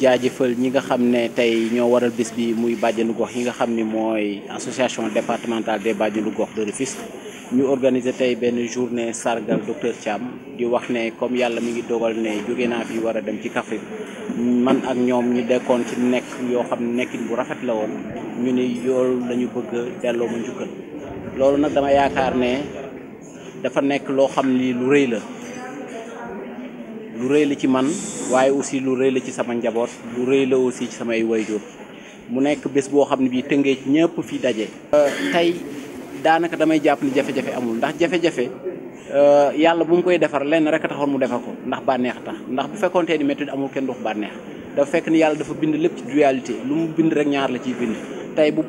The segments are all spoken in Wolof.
jaajëfal ñi nga xam ne tey ñoo waral bis bi muy bàjjenu gox yi nga xam ni mooy association départementale des bàjjenu gox de Rufisque ñu organiser tey benn journée sargal docteur Thiam di wax ne comme yàlla mi ngi dogal ne jóge naa fi war a dem ci Kaffrine man ak ñoom ñu dekkoon ci nekk yoo xam ne nekkin bu rafet la woon ñu ni yool lañu ñu bëgg delloo ma njukkal loolu nag dama yaakaar ne dafa nekk loo xam ni lu rëy la lu rëy la ci man waaye aussi lu rëy la ci sama njaboot lu rëy la aussi ci samay wayjur mu nekk bés boo xam ne bii tëngee ci ñëpp fi daje. Euh, tey daanaka damay jàpp ni jafe-jafe amul ndax jafe-jafe euh, yàlla bu mu koy defar lenn rek a taxoon mu defar ko ndax bànneex tax ndax bu fekkontee ni méthode amul kenn du ko bànneex dafa fekk ni yàlla dafa bind lépp ci dualité lu mu bind rek ñaar la ciy bind. tey bu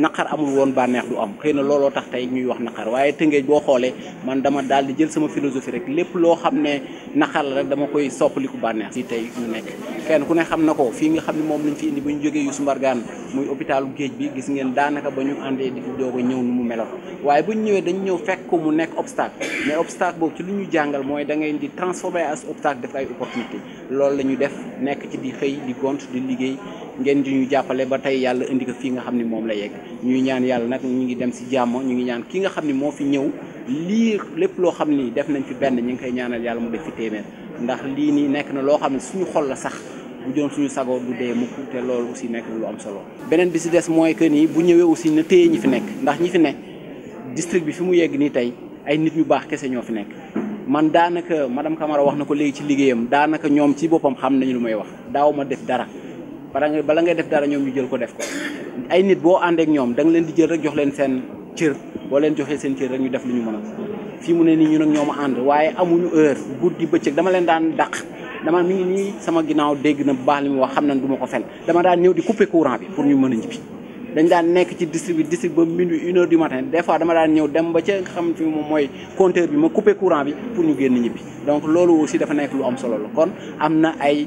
naqar amul woon bànneex du am xëy na looloo tax tey ñuy wax naqar waaye tëngéej boo xoolee man dama daal di jël sama philosophie rek lépp loo xam ne naqar la rek dama koy soppaliku bànneex si tey ñu nekk kenn ku ne xam na ko fii nga xam ne moom lu lañ fi indi bu ñu jógee Youssou Mbargane muy hôpitalu géej bi gis ngeen daanaka ba ñu àndee di doog ñëw nu mu meloon waaye bu ñu ñëwee dañ ñëw fekk ko mu nekk obstacle mais obstacle boobu ci lu ñu jàngal mooy da di transformer as obstacle def ay opportunité loolu la ñu def nekk ci di xëy di gont di liggéey ngeen di ñu jàppale ba tey yàlla indi ko fii nga xam ne la yegg ñuy ñaan yàlla nag ñu ngi dem si jàmm ñu ngi ñaan ki nga xam ne moo fi ñëw lii lépp loo xam ni def nañ fi benn ñu ngi koy ñaanal yàlla mu def fi téeméer ndax lii nii nekk na loo xam ne suñu xol la sax bu doon suñu sagoo du dee mukk te loolu aussi nekk lu am solo beneen bi si des mooy que ni bu ñëwee aussi na téye ñi fi nekk ndax ñi fi ne district bi fi mu yegg nii tey ay nit ñu baax kese ñoo fi nekk man daanaka madame Camara wax na ko léegi ci liggéeyam daanaka ñoom ci boppam xam nañu lu may wax daaw def dara bala nga bala ngay def dara ñoom ñu jël ko def ko ay nit boo àndeek ñoom da leen di jël rek jox leen seen cër boo leen joxee seen cër rek ñu def lu ñu mën a fii mu ne nii ñun ak ñoom ànd waaye amuñu heure guddi bëccëg dama leen daan dàq dama mi ngi nii sama ginnaaw dégg na bu baax li mu wax xam na duma ko fen dama daan ñëw di couper courant bi pour ñu mën a ñibbi dañ daan nekk ci district bi district ba minuit une des fois dama daan ñëw dem ba ca xam moom mooy compteur bi ma couper bi pour ñu génn ñibbi donc loolu aussi dafa nekk lu am solo la kon am na ay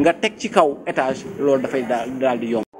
nga teg ci kaw étage loolu dafay daal di yomb.